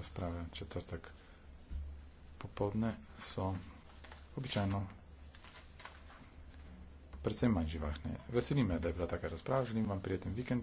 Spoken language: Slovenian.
razprave četrtek popovdne so običajno predvsem manj živahne. Veselim me, da je bila taka razprava. Želim vam prijeten vikend.